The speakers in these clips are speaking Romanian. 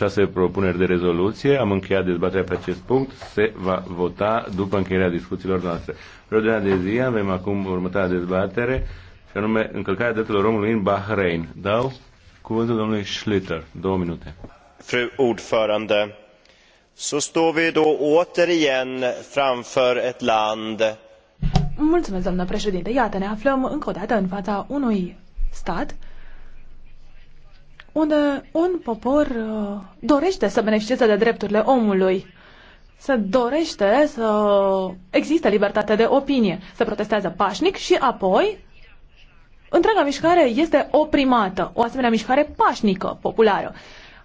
șase propuneri de rezoluție. Am încheiat dezbaterea pe acest punct. Se va vota după încheierea discuțiilor noastre. Pe de zi avem acum următoarea dezbatere, și anume încălcarea drepturilor omului în Bahrain. Dau cuvântul domnului Schlitter. Două minute. Fru ordförande, så står vi då återigen framför ett land Mulțumesc, doamnă președinte. Iată, ne aflăm încă o dată în fața unui stat unde un popor uh, dorește să beneficieze de drepturile omului, se dorește să existe libertate de opinie, se protestează pașnic și apoi întreaga mișcare este oprimată, o asemenea mișcare pașnică, populară.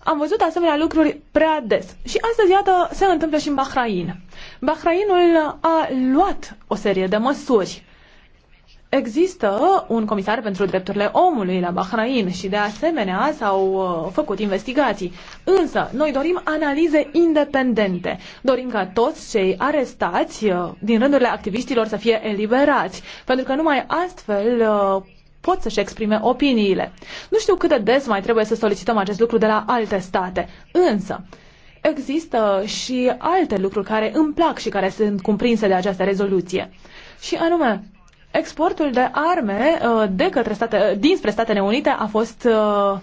Am văzut asemenea lucruri prea des. Și astăzi, iată, se întâmplă și în Bahrain. Bahrainul a luat o serie de măsuri. Există un comisar pentru drepturile omului la Bahrain și de asemenea s-au uh, făcut investigații. Însă, noi dorim analize independente. Dorim ca toți cei arestați uh, din rândurile activiștilor să fie eliberați, pentru că numai astfel uh, pot să-și exprime opiniile. Nu știu cât de des mai trebuie să solicităm acest lucru de la alte state, însă există și alte lucruri care îmi plac și care sunt cuprinse de această rezoluție. Și anume, exportul de arme uh, de către state, uh, dinspre Statele Unite a fost uh,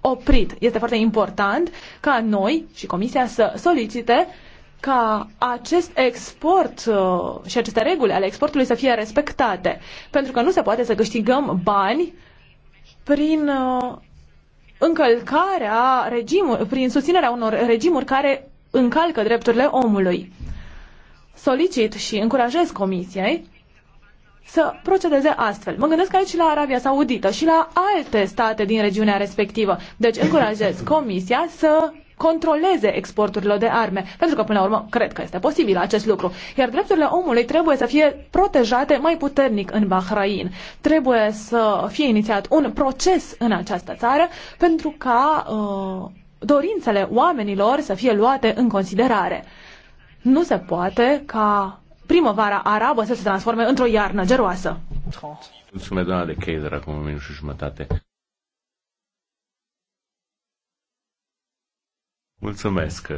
oprit. Este foarte important ca noi și Comisia să solicite ca acest export și aceste reguli ale exportului să fie respectate. Pentru că nu se poate să câștigăm bani prin încălcarea regimului, prin susținerea unor regimuri care încalcă drepturile omului. Solicit și încurajez Comisiei să procedeze astfel. Mă gândesc aici la Arabia Saudită și la alte state din regiunea respectivă. Deci încurajez Comisia să controleze exporturile de arme, pentru că până la urmă cred că este posibil acest lucru. Iar drepturile omului trebuie să fie protejate mai puternic în Bahrain. Trebuie să fie inițiat un proces în această țară pentru ca uh, dorințele oamenilor să fie luate în considerare. Nu se poate ca primăvara arabă să se transforme într-o iarnă geroasă. Mulțumesc, doamna de acum un minut și jumătate. Mulțumesc.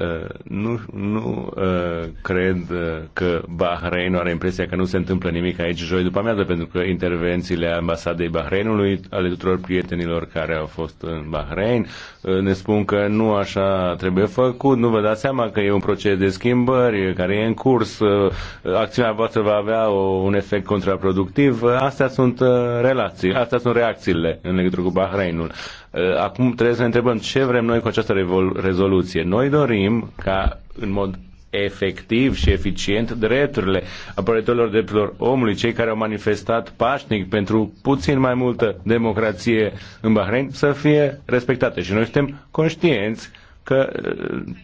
Uh, nu, nu uh, cred uh, că Bahreinul are impresia că nu se întâmplă nimic aici joi după amiază, pentru că intervențiile ambasadei Bahreinului, ale tuturor prietenilor care au fost în Bahrein, uh, ne spun că nu așa trebuie făcut, nu vă dați seama că e un proces de schimbări care e în curs, uh, acțiunea voastră va avea o, un efect contraproductiv, astea sunt uh, relații, astea sunt reacțiile în legătură cu Bahreinul. Uh, Eh, acum trebuie să ne întrebăm ce vrem noi cu această rezoluție. Noi dorim ca în mod efectiv și eficient drepturile apărătorilor drepturilor omului, cei care au manifestat pașnic pentru puțin mai multă democrație în Bahrain, să fie respectate. Și noi suntem conștienți că eh,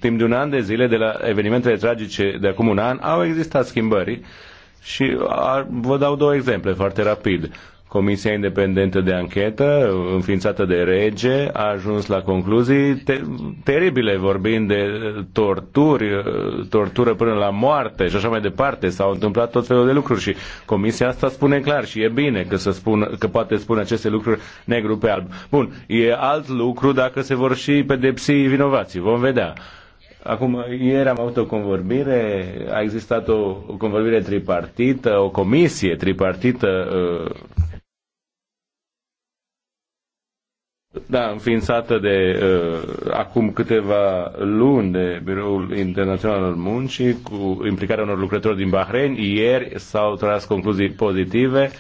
timp de un an de zile, de la evenimentele tragice de acum un an, au existat schimbări și vă dau două exemple foarte rapid. Comisia Independentă de Anchetă, înființată de rege, a ajuns la concluzii te- teribile, vorbind de torturi, tortură până la moarte și așa mai departe. S-au întâmplat tot felul de lucruri și Comisia asta spune clar și e bine că, să spun, că poate spune aceste lucruri negru pe alb. Bun, e alt lucru dacă se vor și pedepsi vinovații. Vom vedea. Acum, ieri am avut o convorbire, a existat o, o convorbire tripartită, o comisie tripartită uh, da, înființată de uh, acum câteva luni de Biroul Internațional al Muncii cu implicarea unor lucrători din Bahrain. Ieri s-au tras concluzii pozitive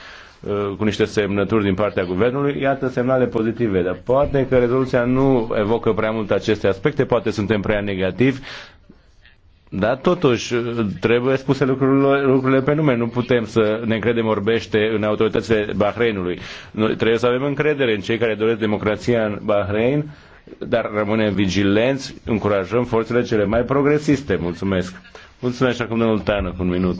uh, cu niște semnături din partea guvernului, iată semnale pozitive, dar poate că rezoluția nu evocă prea mult aceste aspecte, poate suntem prea negativi, dar totuși trebuie spuse lucrurile, lucrurile pe nume. Nu putem să ne încredem orbește în autoritățile Bahreinului. Noi trebuie să avem încredere în cei care doresc democrația în Bahrein, dar rămânem vigilenți, încurajăm forțele cele mai progresiste. Mulțumesc! Mulțumesc acum domnul Tană, un minut.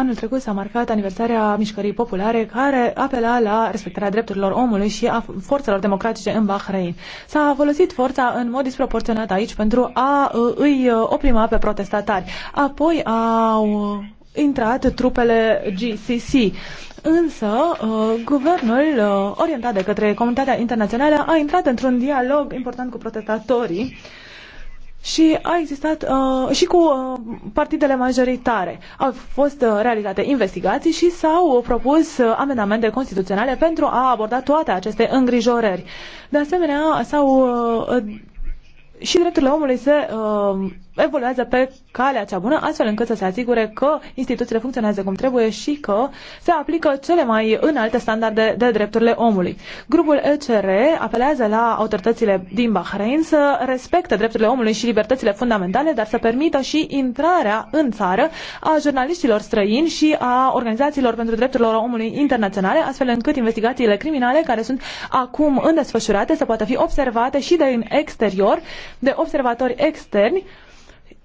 Anul trecut s-a marcat aniversarea mișcării populare care apela la respectarea drepturilor omului și a forțelor democratice în Bahrain. S-a folosit forța în mod disproporționat aici pentru a ă, îi ă, oprima pe protestatari. Apoi au intrat trupele GCC. Însă, ă, guvernul orientat de către comunitatea internațională a intrat într-un dialog important cu protestatorii și a existat uh, și cu uh, partidele majoritare. Au fost uh, realizate investigații și s-au propus uh, amendamente constituționale pentru a aborda toate aceste îngrijorări. De asemenea, s-au uh, și drepturile omului se uh, evoluează pe calea cea bună, astfel încât să se asigure că instituțiile funcționează cum trebuie și că se aplică cele mai înalte standarde de drepturile omului. Grupul ECR apelează la autoritățile din Bahrain să respecte drepturile omului și libertățile fundamentale, dar să permită și intrarea în țară a jurnaliștilor străini și a organizațiilor pentru drepturile omului internaționale, astfel încât investigațiile criminale care sunt acum în desfășurate să poată fi observate și de în exterior, de observatori externi,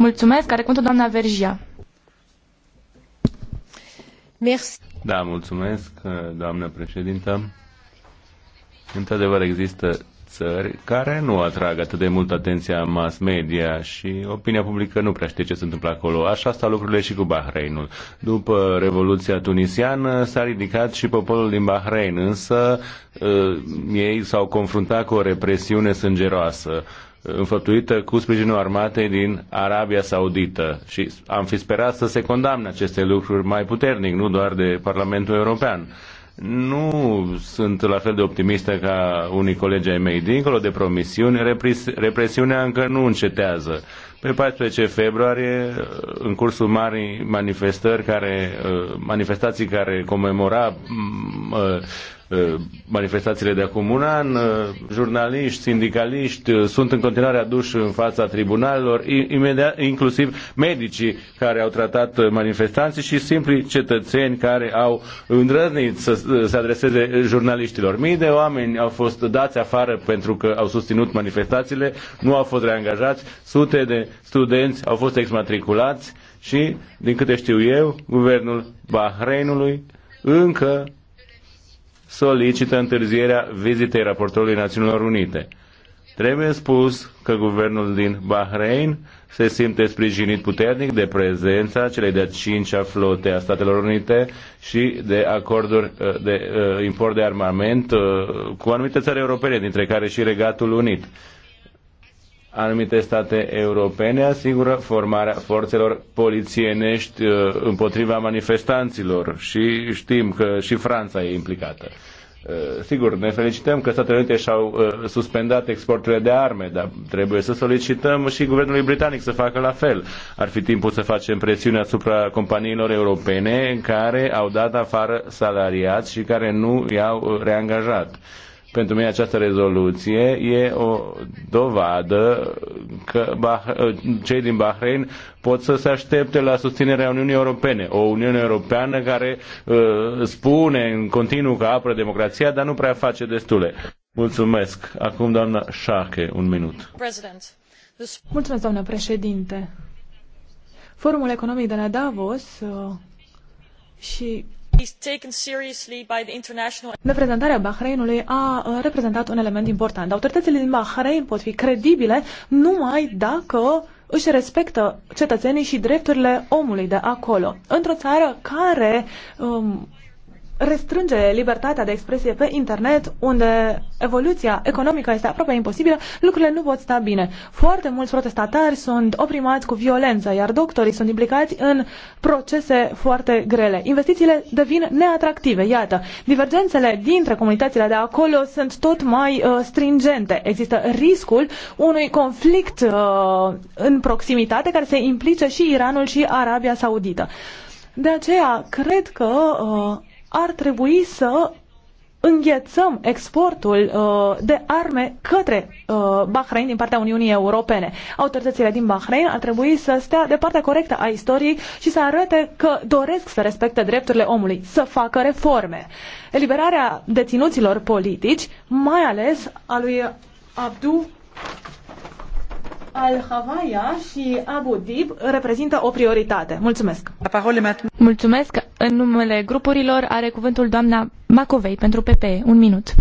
Mulțumesc, care cuvântul doamna Vergia. Da, mulțumesc, doamnă președintă. Într-adevăr, există țări care nu atrag atât de mult atenția mass media și opinia publică nu prea știe ce se întâmplă acolo. Așa stau lucrurile și cu Bahreinul. După Revoluția tunisiană s-a ridicat și poporul din Bahrein, însă ă, ei s-au confruntat cu o represiune sângeroasă înfătuită cu sprijinul armatei din Arabia Saudită și am fi sperat să se condamne aceste lucruri mai puternic, nu doar de Parlamentul European. Nu sunt la fel de optimistă ca unii colegi ai mei. Dincolo de promisiuni, represiunea încă nu încetează. Pe 14 februarie, în cursul marii manifestări care, uh, manifestații care comemora uh, uh, manifestațiile de acum un an, jurnaliști, sindicaliști sunt în continuare aduși în fața tribunalelor, imediat, inclusiv medicii care au tratat manifestanții și simpli cetățeni care au îndrăznit să se adreseze jurnaliștilor. Mii de oameni au fost dați afară pentru că au susținut manifestațiile, nu au fost reangajați, sute de studenți au fost exmatriculați și, din câte știu eu, guvernul Bahreinului încă solicită întârzierea vizitei raportorului Națiunilor Unite. Trebuie spus că guvernul din Bahrein se simte sprijinit puternic de prezența celei de-a cincea flote a Statelor Unite și de acorduri uh, de uh, import de armament uh, cu anumite țări europene, dintre care și Regatul Unit anumite state europene asigură formarea forțelor polițienești uh, împotriva manifestanților și știm că și Franța e implicată. Uh, sigur, ne felicităm că Statele Unite și-au uh, suspendat exporturile de arme, dar trebuie să solicităm și guvernului britanic să facă la fel. Ar fi timpul să facem presiune asupra companiilor europene care au dat afară salariați și care nu i-au reangajat pentru mine această rezoluție e o dovadă că cei din Bahrain pot să se aștepte la susținerea Uniunii Europene. O Uniune Europeană care uh, spune în continuu că apără democrația, dar nu prea face destule. Mulțumesc. Acum doamna Șache, un minut. Mulțumesc, doamnă președinte. Forumul economic de la Davos uh, și Reprezentarea Bahrainului a uh, reprezentat un element important. Autoritățile din Bahrain pot fi credibile numai dacă își respectă cetățenii și drepturile omului de acolo. Într-o țară care um, restrânge libertatea de expresie pe internet, unde evoluția economică este aproape imposibilă, lucrurile nu pot sta bine. Foarte mulți protestatari sunt oprimați cu violență, iar doctorii sunt implicați în procese foarte grele. Investițiile devin neatractive, iată. Divergențele dintre comunitățile de acolo sunt tot mai uh, stringente. Există riscul unui conflict uh, în proximitate care se implice și Iranul și Arabia Saudită. De aceea, cred că uh, ar trebui să înghețăm exportul uh, de arme către uh, Bahrain din partea Uniunii Europene. Autoritățile din Bahrain ar trebui să stea de partea corectă a istoriei și să arate că doresc să respecte drepturile omului, să facă reforme. Eliberarea deținuților politici, mai ales a lui Abdu al Havaia și Abu Dib reprezintă o prioritate. Mulțumesc! Mulțumesc! În numele grupurilor are cuvântul doamna Macovei pentru PPE. Un minut.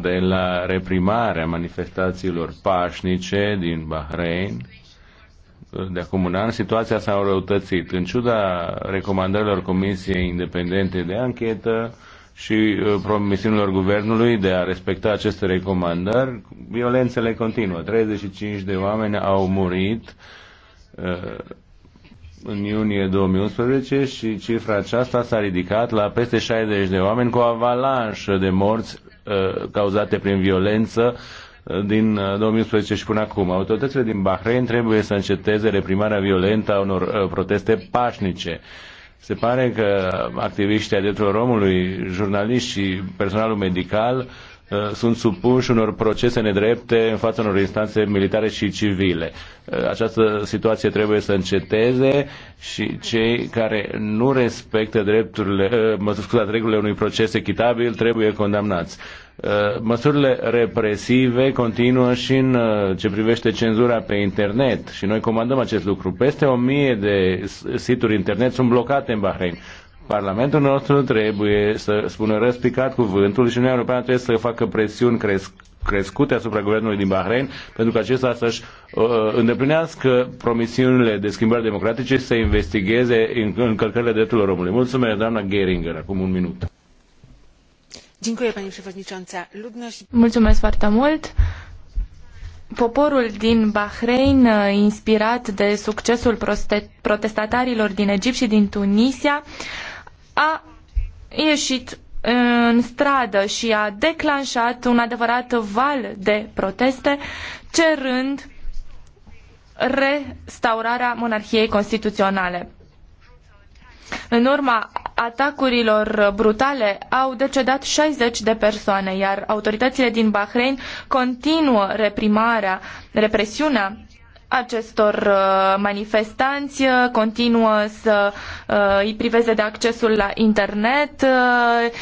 De la reprimarea manifestațiilor pașnice din Bahrain, de acum un an, situația s-a răutățit. În ciuda recomandărilor Comisiei Independente de Anchetă, și uh, promisiunilor guvernului de a respecta aceste recomandări, violențele continuă. 35 de oameni au murit uh, în iunie 2011 și cifra aceasta s-a ridicat la peste 60 de oameni cu o avalanșă de morți uh, cauzate prin violență din 2011 și până acum. Autoritățile din Bahrain trebuie să înceteze reprimarea violentă a unor proteste pașnice se pare că activiștii a drepturilor omului, jurnaliști și personalul medical uh, sunt supuși unor procese nedrepte în fața unor instanțe militare și civile. Uh, această situație trebuie să înceteze și cei care nu respectă drepturile, uh, mă scuzați, regulile unui proces echitabil trebuie condamnați. Uh, măsurile represive continuă și în uh, ce privește cenzura pe internet și noi comandăm acest lucru. Peste o mie de situri internet sunt blocate în Bahrain. Parlamentul nostru trebuie să spună răspicat cuvântul și Uniunea Europeană trebuie să facă presiuni cresc crescute asupra guvernului din Bahrain pentru că acesta să-și uh, îndeplinească promisiunile de schimbări democratice și să investigheze încălcările drepturilor omului. Mulțumesc, doamna Geringer. Acum un minut. Mulțumesc foarte mult. Poporul din Bahrain, inspirat de succesul protestatarilor din Egipt și din Tunisia, a ieșit în stradă și a declanșat un adevărat val de proteste, cerând restaurarea monarhiei constituționale. În urma atacurilor brutale au decedat 60 de persoane, iar autoritățile din Bahrain continuă reprimarea, represiunea acestor uh, manifestanți, uh, continuă să uh, îi priveze de accesul la internet,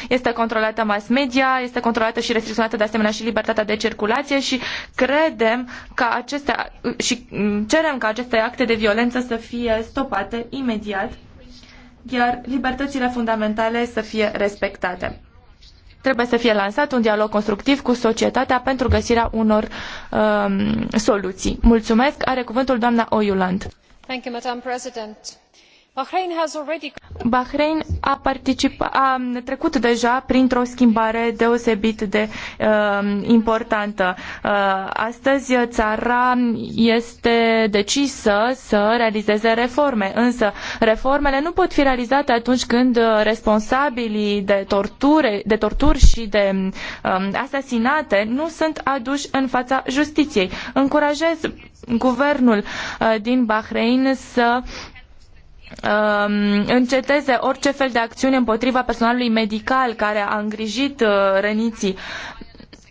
este controlată mass media, este controlată și restricționată de asemenea și libertatea de circulație și credem că aceste și mm, cerem ca aceste acte de violență să fie stopate imediat iar libertățile fundamentale să fie respectate. Trebuie să fie lansat un dialog constructiv cu societatea pentru găsirea unor um, soluții. Mulțumesc. Are cuvântul doamna Oyuland. Thank you, Madam President. Bahrain, a, participa, a trecut deja printr-o schimbare deosebit de uh, importantă. Uh, astăzi uh, țara este decisă să realizeze reforme, însă reformele nu pot fi realizate atunci când uh, responsabilii de, torture, de torturi și de uh, asasinate nu sunt aduși în fața justiției. Încurajez guvernul uh, din Bahrain să Um, înceteze orice fel de acțiune împotriva personalului medical care a îngrijit uh, reniții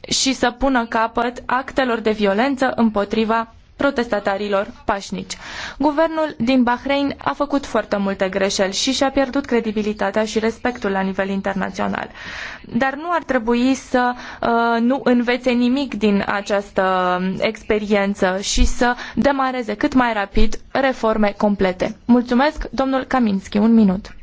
și să pună capăt actelor de violență împotriva protestatarilor pașnici. Guvernul din Bahrain a făcut foarte multe greșeli și și-a pierdut credibilitatea și respectul la nivel internațional. Dar nu ar trebui să uh, nu învețe nimic din această um, experiență și să demareze cât mai rapid reforme complete. Mulțumesc, domnul Kaminski, un minut.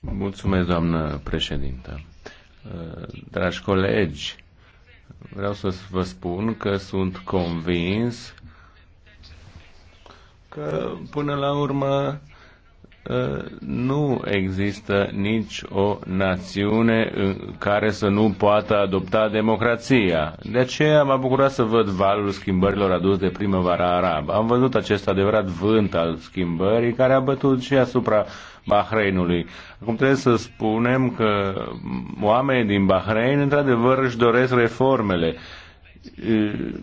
Mulțumesc, doamnă președintă. Uh, dragi colegi, vreau să vă spun că sunt convins că până la urmă Ă, nu există nici o națiune ă, care să nu poată adopta democrația. De aceea m-a bucurat să văd valul schimbărilor adus de primăvara arabă. Am văzut acest adevărat vânt al schimbării care a bătut și asupra Bahreinului. Acum trebuie să spunem că oamenii din Bahrein într-adevăr își doresc reformele Eh,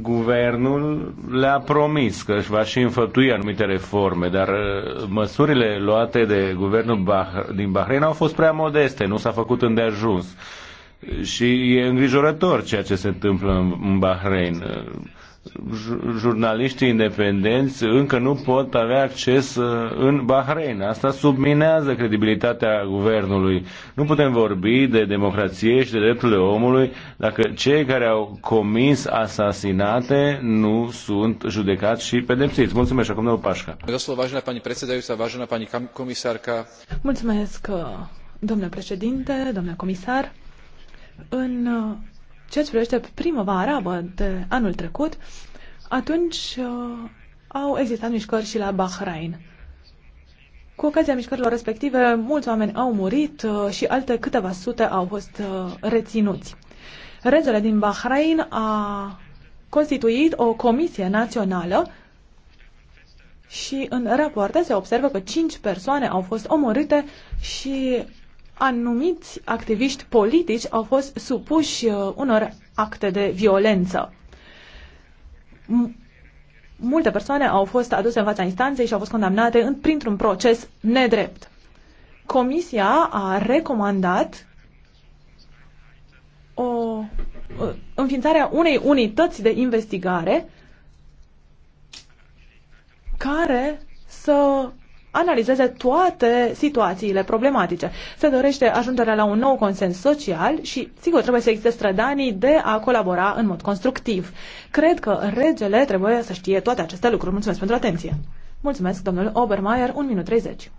guvernul le-a promis că își va și înfătui anumite reforme, dar eh, măsurile luate de guvernul bah- din Bahrain au fost prea modeste, nu s-a făcut îndeajuns. Eh, și e îngrijorător ceea ce se întâmplă în Bahrain jurnaliștii independenți încă nu pot avea acces uh, în Bahrain. Asta subminează credibilitatea guvernului. Nu putem vorbi de democrație și de drepturile omului dacă cei care au comis asasinate nu sunt judecați și pedepsiți. Mulțumesc, acum domnul Pașca. Mulțumesc, domnule președinte, domnule comisar. În ceea ce privește primăvara arabă de anul trecut, atunci uh, au existat mișcări și la Bahrain. Cu ocazia mișcărilor respective, mulți oameni au murit uh, și alte câteva sute au fost uh, reținuți. Regele din Bahrain a constituit o comisie națională și în rapoarte se observă că cinci persoane au fost omorâte și anumiți activiști politici au fost supuși uh, unor acte de violență. Multe persoane au fost aduse în fața instanței și au fost condamnate printr-un proces nedrept. Comisia a recomandat o uh, înființarea unei unități de investigare care să analizeze toate situațiile problematice. Se dorește ajungerea la un nou consens social și, sigur, trebuie să existe strădanii de a colabora în mod constructiv. Cred că regele trebuie să știe toate aceste lucruri. Mulțumesc pentru atenție. Mulțumesc, domnul Obermeier, 1 minut 30.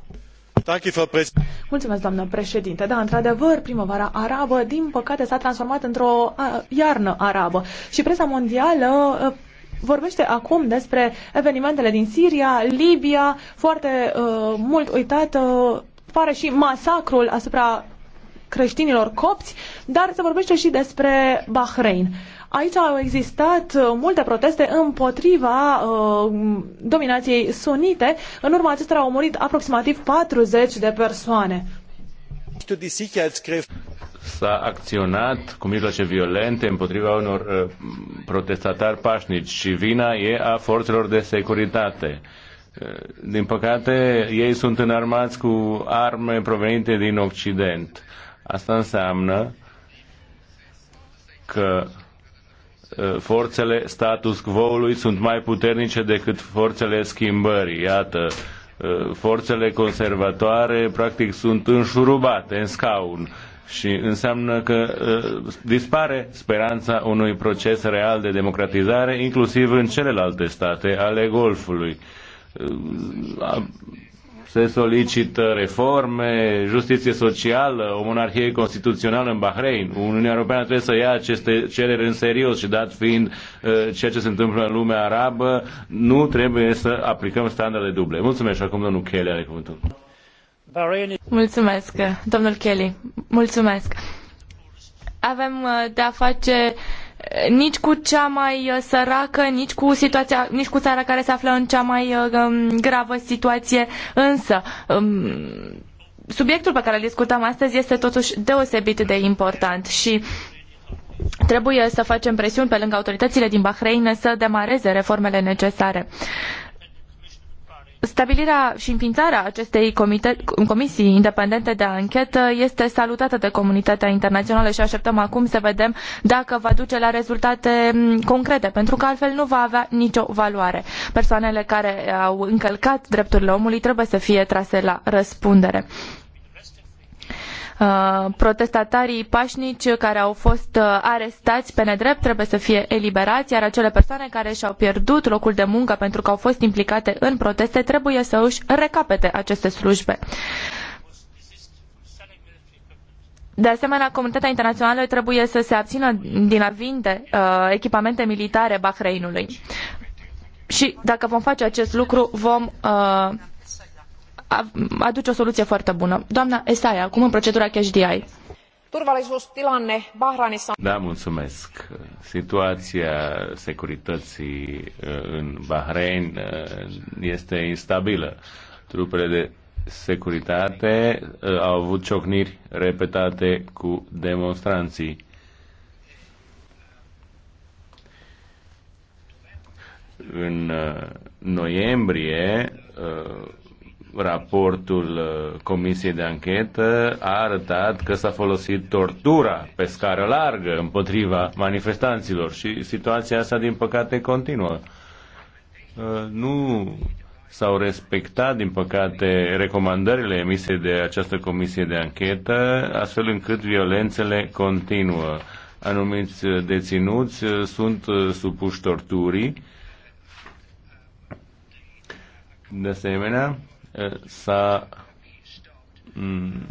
Mulțumesc, doamnă președinte. Da, într-adevăr, primăvara arabă, din păcate, s-a transformat într-o iarnă arabă și presa mondială vorbește acum despre evenimentele din Siria, Libia, foarte uh, mult uitat, uh, pare și masacrul asupra creștinilor copți, dar se vorbește și despre Bahrain. Aici au existat uh, multe proteste împotriva uh, dominației sunite. În urma acestora au murit aproximativ 40 de persoane s-a acționat cu mijloace violente împotriva unor uh, protestatari pașnici și vina e a forțelor de securitate. Uh, din păcate, ei sunt înarmați cu arme provenite din Occident. Asta înseamnă că uh, forțele status quo-ului sunt mai puternice decât forțele schimbării. Iată, uh, forțele conservatoare practic sunt înșurubate în scaun și înseamnă că uh, dispare speranța unui proces real de democratizare, inclusiv în celelalte state ale Golfului. Uh, se solicită reforme, justiție socială, o monarhie constituțională în Bahrein. Uniunea Europeană trebuie să ia aceste cereri în serios și dat fiind uh, ceea ce se întâmplă în lumea arabă, nu trebuie să aplicăm standarde duble. Mulțumesc și acum domnul Kelly are cuvântul. Mulțumesc, domnul Kelly. Mulțumesc. Avem uh, de-a face uh, nici cu cea mai uh, săracă, nici cu, situația, nici cu țara care se află în cea mai um, gravă situație, însă um, subiectul pe care îl discutăm astăzi este totuși deosebit de important și trebuie să facem presiuni pe lângă autoritățile din Bahrain să demareze reformele necesare. Stabilirea și înființarea acestei comisii independente de anchetă este salutată de comunitatea internațională și așteptăm acum să vedem dacă va duce la rezultate mm, concrete, pentru că altfel nu va avea nicio valoare. Persoanele care au încălcat drepturile omului trebuie să fie trase la răspundere. Uh, protestatarii pașnici care au fost uh, arestați pe nedrept trebuie să fie eliberați, iar acele persoane care și-au pierdut locul de muncă pentru că au fost implicate în proteste trebuie să își recapete aceste slujbe. De asemenea, comunitatea internațională trebuie să se abțină din a vinde uh, echipamente militare Bahreinului. Și dacă vom face acest lucru, vom uh, aduce o soluție foarte bună. Doamna Esaia, acum în procedura Cash DI. Turvallisuustilanne Bahrainissa. Da, mulțumesc. Situația securității uh, în Bahrain uh, este instabilă. Trupele de securitate uh, au avut ciocniri repetate cu demonstranții. În noiembrie, raportul uh, Comisiei de Anchetă a arătat că s-a folosit tortura pe scară largă împotriva manifestanților și situația asta, din păcate, continuă. Uh, nu s-au respectat, din păcate, recomandările emise de această comisie de anchetă, astfel încât violențele continuă. Anumiți deținuți uh, sunt supuși torturii. De asemenea, s-a mm,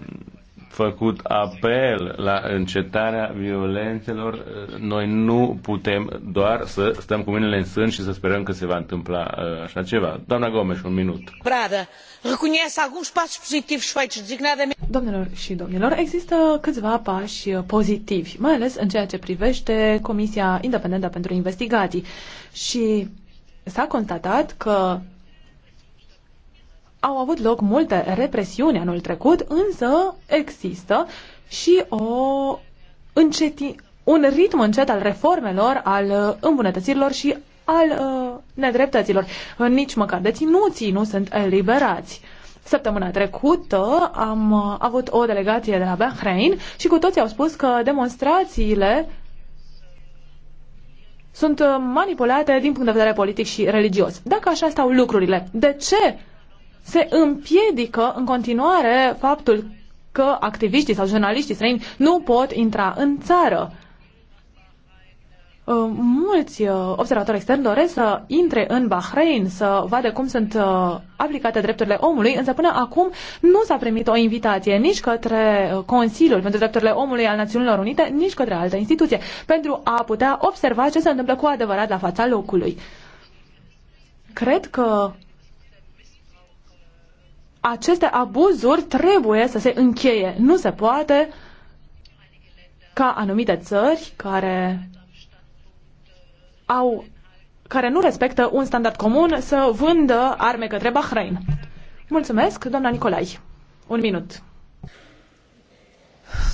făcut apel la încetarea violențelor, noi nu putem doar să stăm cu mâinile în sân și să sperăm că se va întâmpla uh, așa ceva. Doamna Gomes, un minut. Brada, recunoaște alguns pași pozitivi feitos designadamente. Domnilor și domnilor, există câțiva pași uh, pozitivi, mai ales în ceea ce privește Comisia Independentă pentru Investigații. Și s-a constatat că au avut loc multe represiuni anul trecut, însă există și o înceti, un ritm încet al reformelor, al uh, îmbunătățirilor și al uh, nedreptăților. Nici măcar deținuții nu sunt eliberați. Săptămâna trecută am uh, avut o delegație de la Bahrain și cu toții au spus că demonstrațiile sunt uh, manipulate din punct de vedere politic și religios. Dacă așa stau lucrurile, de ce se împiedică în continuare faptul că activiștii sau jurnaliștii străini nu pot intra în țară. Uh, mulți uh, observatori externi doresc să intre în Bahrain, să vadă cum sunt uh, aplicate drepturile omului, însă până acum nu s-a primit o invitație nici către Consiliul pentru Drepturile Omului al Națiunilor Unite, nici către altă instituție, pentru a putea observa ce se întâmplă cu adevărat la fața locului. Cred că aceste abuzuri trebuie să se încheie. Nu se poate ca anumite țări care au care nu respectă un standard comun să vândă arme către Bahrain. Mulțumesc, doamna Nicolai. Un minut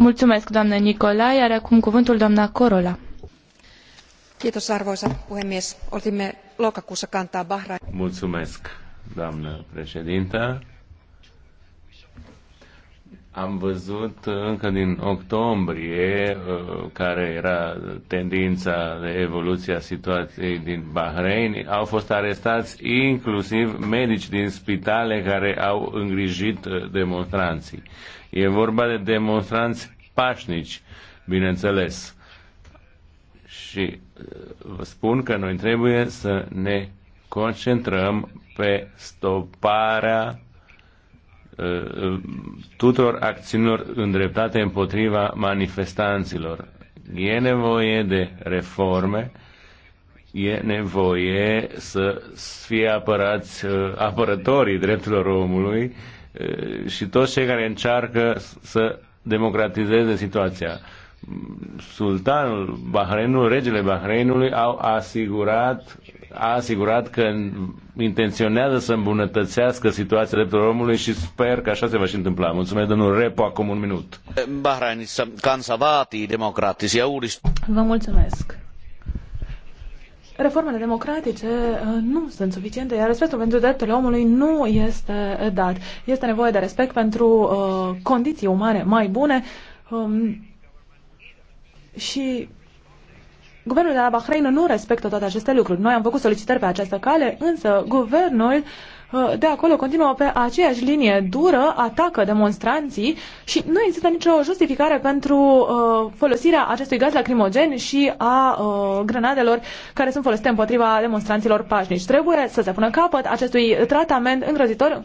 Mulțumesc, doamnă Nicolai, iar acum cuvântul doamna Corola. Kiitos, arvoisa puhemies. Otimme lokakuussa kantaa Bahrain. Mulțumesc, doamnă președintă. Am văzut încă din octombrie uh, care era tendința de evoluție a situației din Bahrain. Au fost arestați inclusiv medici din spitale care au îngrijit uh, demonstranții. E vorba de demonstranți pașnici, bineînțeles. Și uh, vă spun că noi trebuie să ne concentrăm pe stoparea uh, tuturor acțiunilor îndreptate împotriva manifestanților. E nevoie de reforme, e nevoie să fie apărați uh, apărătorii drepturilor omului și toți cei care încearcă să democratizeze situația. Sultanul Bahreinului, regele Bahreinului au asigurat, a asigurat că intenționează să îmbunătățească situația drepturilor omului și sper că așa se va și întâmpla. Mulțumesc, domnul Repo, acum un minut. Bahrainissa Kansavati, vaatii Vă mulțumesc reformele democratice uh, nu sunt suficiente, iar respectul pentru drepturile omului nu este dat. Este nevoie de respect pentru uh, condiții umane mai bune um, și guvernul de la Bahrain nu respectă toate aceste lucruri. Noi am făcut solicitări pe această cale, însă guvernul uh, Eh, de acolo continuă pe aceeași linie dură, atacă demonstranții și nu există nicio justificare pentru eh, folosirea acestui gaz lacrimogen și a grenadelor eh, granadelor care sunt folosite împotriva demonstranților pașnici. Trebuie să se pună capăt acestui tratament îngrozitor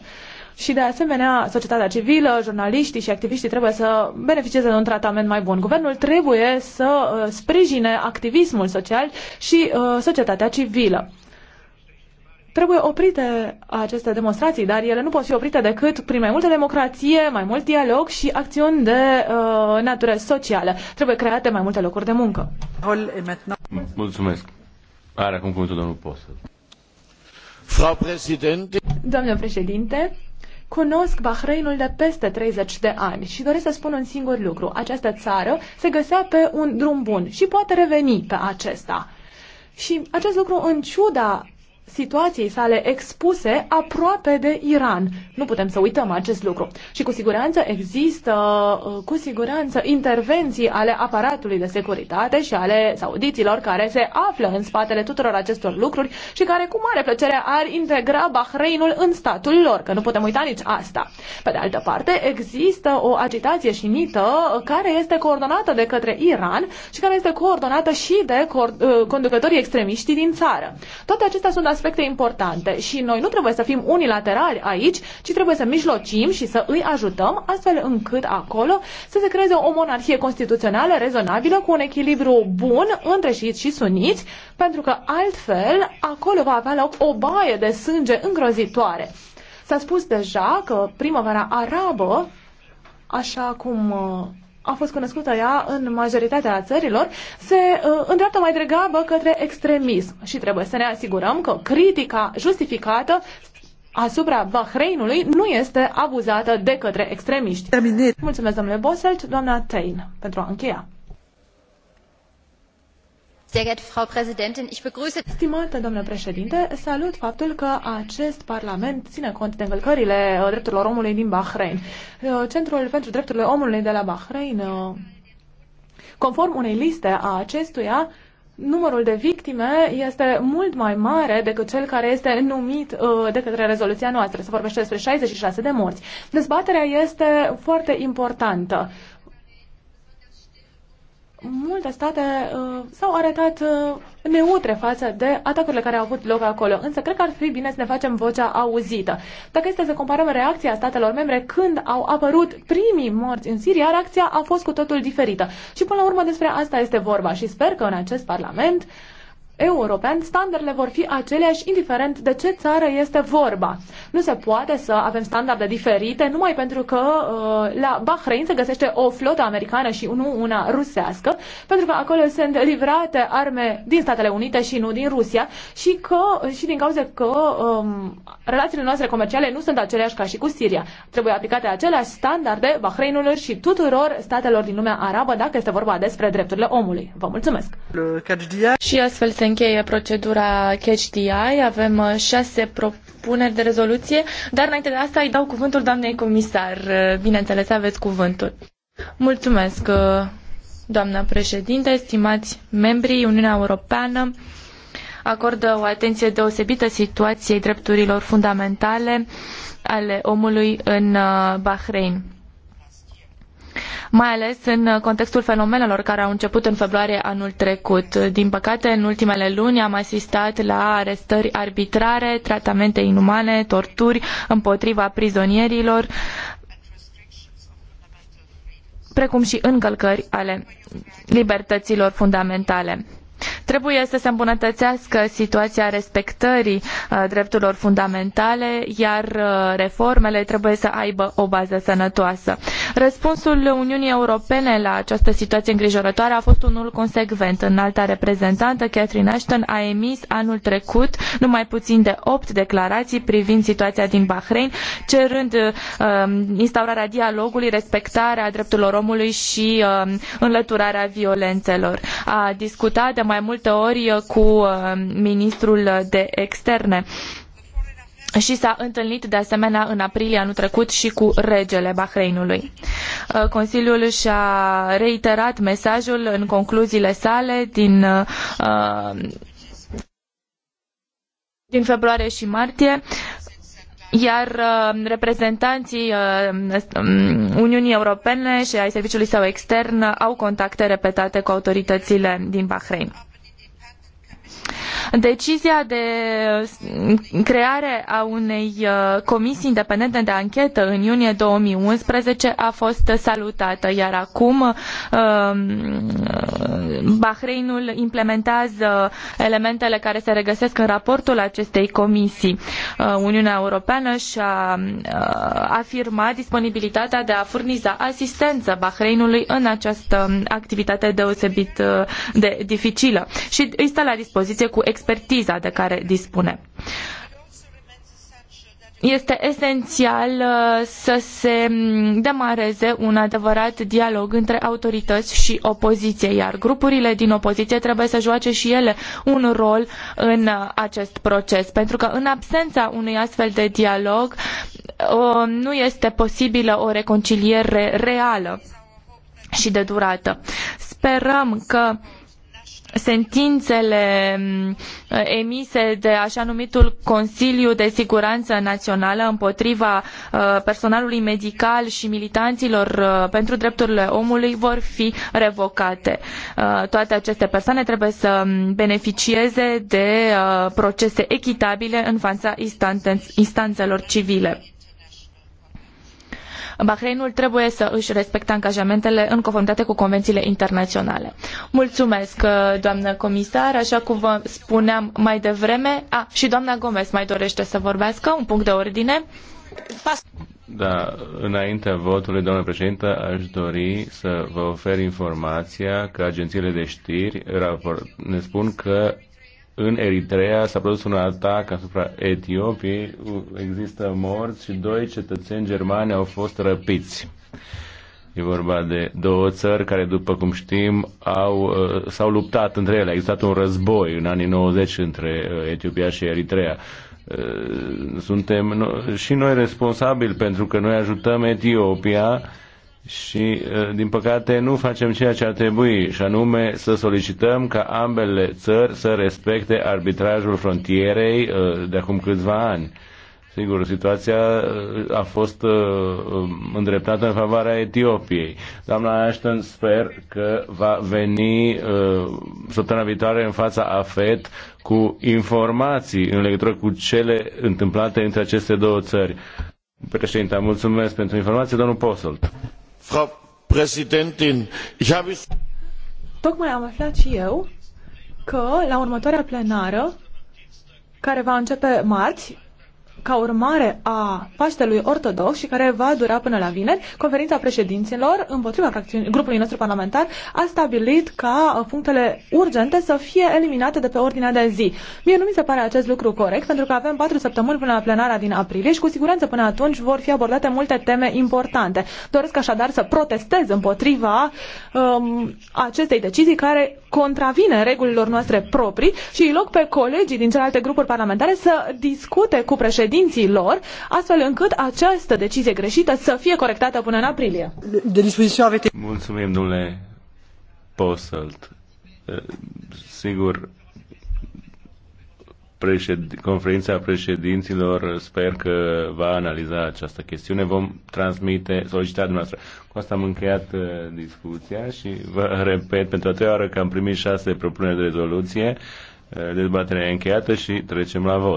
și de asemenea, societatea civilă, jurnaliștii și activiștii trebuie să beneficieze de un tratament mai bun. Guvernul trebuie să sprijine activismul social și uh, societatea civilă. Trebuie oprite aceste demonstrații, dar ele nu pot fi oprite decât prin mai multă democrație, mai mult dialog și acțiuni de uh, natură socială. Trebuie create mai multe locuri de muncă. Mulțumesc. Are acum cuvântul domnul Posel. Domnule președinte, cunosc Bahreinul de peste 30 de ani și doresc să spun un singur lucru. Această țară se găsea pe un drum bun și poate reveni pe acesta. Și acest lucru în ciuda situației sale expuse aproape de Iran. Nu putem să uităm acest lucru. Și cu siguranță există, uh, cu siguranță, intervenții ale aparatului de securitate și ale saudiților care se află în spatele tuturor acestor lucruri și care cu mare plăcere ar integra Bahreinul în statul lor, că nu putem uita nici asta. Pe de altă parte, există o agitație șinită care este coordonată de către Iran și care este coordonată și de uh, conducătorii extremiști din țară. Toate acestea sunt aspecte importante și noi nu trebuie să fim unilaterali aici, ci trebuie să mijlocim și să îi ajutăm astfel încât acolo să se creeze o monarhie constituțională rezonabilă cu un echilibru bun între șiiți și suniți, pentru că altfel acolo va avea loc o baie de sânge îngrozitoare. S-a spus deja că primăvara arabă, așa cum uh, a fost cunoscută ea în majoritatea țărilor, se uh, îndreaptă mai degrabă către extremism și trebuie să ne asigurăm că critica justificată asupra Bahreinului nu este abuzată de către extremiști. Terminit. Mulțumesc, domnule Boselt, doamna Tain, pentru a încheia. Stimată doamnă președinte, salut faptul că acest parlament ține cont de încălcările uh, drepturilor omului din Bahrain. Uh, Centrul pentru drepturile omului de la Bahrain, uh, conform unei liste a acestuia, numărul de victime este mult mai mare decât cel care este numit uh, de către rezoluția noastră. Se vorbește despre 66 de morți. Dezbaterea este foarte importantă multe state uh, s-au arătat uh, neutre față de atacurile care au avut loc acolo, însă cred că ar fi bine să ne facem vocea auzită. Dacă este să comparăm reacția statelor membre când au apărut primii morți în Siria, reacția a fost cu totul diferită. Și până la urmă despre asta este vorba și sper că în acest Parlament uh, european, standardele vor fi aceleași indiferent de ce țară este vorba. Nu se poate să avem standarde diferite numai pentru că uh, la Bahrain se găsește o flotă americană și nu una rusească, pentru că acolo sunt livrate arme din Statele Unite și nu din Rusia și că și din cauza că um, relațiile noastre comerciale nu sunt aceleași ca și cu Siria. Trebuie aplicate aceleași standarde Bahreinului și tuturor statelor din lumea arabă dacă este vorba despre drepturile omului. Vă mulțumesc! Și astfel se încheie procedura Catch the Eye. Avem uh, șase propuneri de rezoluție, dar înainte de asta îi dau cuvântul doamnei comisar. Uh, bineînțeles, aveți cuvântul. Mulțumesc, uh, doamna președinte, stimați membrii Uniunea Europeană acordă o atenție deosebită situației drepturilor fundamentale ale omului în Bahrain mai ales în uh, contextul fenomenelor care au început în februarie anul trecut. Din păcate, în ultimele luni am asistat la arestări arbitrare, tratamente inumane, torturi împotriva prizonierilor, precum și încălcări ale libertăților fundamentale. Trebuie să se îmbunătățească situația respectării uh, drepturilor fundamentale, iar uh, reformele trebuie să aibă o bază sănătoasă. Răspunsul Uniunii Europene la această situație îngrijorătoare a fost unul consecvent. Înalta reprezentantă Catherine Ashton a emis anul trecut numai puțin de opt declarații privind situația din Bahrain, cerând uh, um, instaurarea dialogului, respectarea drepturilor omului și um, înlăturarea violențelor a discutat de mai multe ori cu uh, ministrul de externe și s-a întâlnit de asemenea în aprilie anul trecut și cu regele Bahreinului. Uh, Consiliul și-a reiterat mesajul în concluziile sale din uh, din februarie și martie iar uh, reprezentanții uh, Uniunii Europene și ai serviciului său extern au contacte repetate cu autoritățile din Bahrain. Decizia de mm, creare a unei uh, comisii independente de anchetă în iunie 2011 a fost salutată, iar acum uh, mm, Bahreinul implementează elementele care se regăsesc în raportul acestei comisii. Uh, Uniunea Europeană și-a afirmat disponibilitatea de a furniza asistență Bahreinului în această mm, activitate deosebit de dificilă și îi stă la dispoziție cu expertiza de care dispune este esențial uh, să se mm, demareze un adevărat dialog între autorități și opoziție, iar grupurile din opoziție trebuie să joace și ele un rol în uh, acest proces, pentru că în absența unui astfel de dialog uh, nu este posibilă o reconciliere reală și de durată. Sperăm că sentințele mm, emise de așa numitul Consiliu de Siguranță Națională împotriva uh, personalului medical și militanților uh, pentru drepturile omului vor fi revocate. Uh, toate aceste persoane trebuie să mm, beneficieze de procese echitabile în fața instanțelor civile. Bahrainul trebuie să își respecte angajamentele în conformitate cu convențiile internaționale. Mulțumesc, uh, doamnă comisar. Așa cum vă spuneam mai devreme, a, și doamna Gomez mai dorește să vorbească, un punct de ordine. Pas- da, înaintea votului, doamnă președintă, aș dori să vă ofer informația că agențiile de știri ne spun că în Eritrea s-a produs un atac asupra Etiopiei, există morți și doi cetățeni germani au fost răpiți. E vorba de două țări care, după cum știm, au, uh, s-au luptat între ele. A existat un război în anii 90 între uh, Etiopia și Eritrea. Uh, suntem și noi responsabili pentru că noi ajutăm Etiopia și, din păcate, nu facem ceea ce ar trebui, și anume să solicităm ca ambele țări să respecte arbitrajul frontierei de acum câțiva ani. Sigur, situația a fost îndreptată în favoarea Etiopiei. Doamna Ashton sper că va veni săptămâna viitoare în fața AFET cu informații în legătură cu cele întâmplate între aceste două țări. Președinte, mulțumesc pentru informație, domnul Posolt. Frau Präsidentin, ich habe... Tocmai am aflat și eu că la următoarea plenară, care va începe marți, ca urmare a Paștelui Ortodox și care va dura până la vineri, conferința președinților, împotriva grupului nostru parlamentar, a stabilit ca uh, punctele urgente să fie eliminate de pe ordinea de zi. Mie nu mi se pare acest lucru corect, pentru că avem patru săptămâni până la plenara din aprilie și cu siguranță până atunci vor fi abordate multe teme importante. Doresc așadar să protestez împotriva um, acestei decizii care contravine regulilor noastre proprii și îi loc pe colegii din celelalte grupuri parlamentare să discute cu președinții președinții lor, astfel încât această decizie greșită să fie corectată până în aprilie. De dispoziție Mulțumim, domnule Posselt. Eh, sigur, președ... conferința președinților sper că va analiza această chestiune. Vom transmite solicitarea noastră. Cu asta am încheiat eh, discuția și vă repet pentru a treia oară că am primit șase propuneri de rezoluție. Eh, dezbaterea e încheiată și trecem la vot.